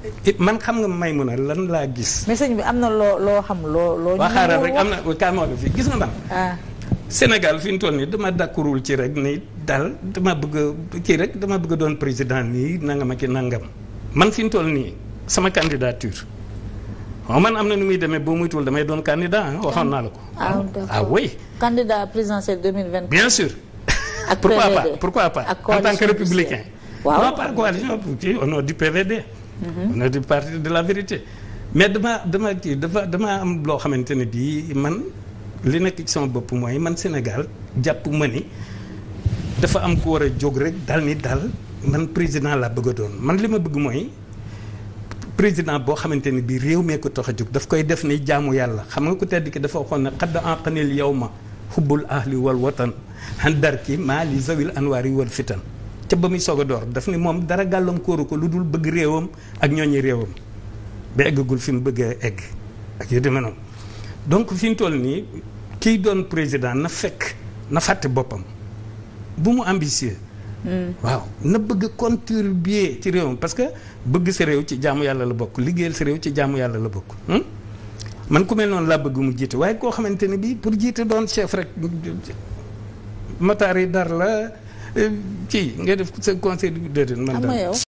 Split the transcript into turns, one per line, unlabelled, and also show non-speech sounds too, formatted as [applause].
Eh, man xam nga may mun a lan laa gis. mais bi am na loo loo xam loo loo. ñu waxaaral rek am na kaamoo bi fii gis nga man. Ah. Sénégal fi mu toll nii dama dakkurul ci rek ni dal dama bëgg a kii rek dama bëgg doon président nii nangam ak nangam man fi mu toll nii sama candidature. waaw man am na nu muy demee boo muytuwul damay doon candidat ah, waxoon naa la ko. ah, ah oui candidat présidentiel 2024. bien sûr. ak [laughs] pourquoi pas pourquoi pas en coalition au PVD. on est parti de la vérité mais dama dama kii dafa damaa am loo xamante ne bii man li nekk sama bopp mooy man Sénégal jàpp ma ni dafa am ku war a jóg rek dal ni daal man président laa bëgg a doon man li ma bëgg mooy président boo xamante ni bii réew mee ko tax a jóg daf koy def ni jaamu yàlla xam nga ko tedd ki dafa waxoon ne xadd anqanil yow ma xubbul ahli wal watan handar ki maa li zawil anwaar yi wal fitan ca ba muy soog a door daf ni moom dara gàllankooru ko lu dul bëgg réewam ak ñooñu réewam ba eggagul fi mu bëggee egg ak yu demee noonu donc fi mu toll nii kiy doon président na fekk na fàtte boppam bu mu ambitieux. Hmm. waaw na bëgg contribuer ci réewam parce que bëgg sa réew ci jaamu yàlla la bokk liggéeyal sa réew ci jaamu yàlla la bokk. Hmm? man ku mel noonu laa bëgg mu jiite waaye koo xamante ne bii pour jiite doon chef rek mataari dar la. Euh, kii ngay def sa conseil de déedéet man daal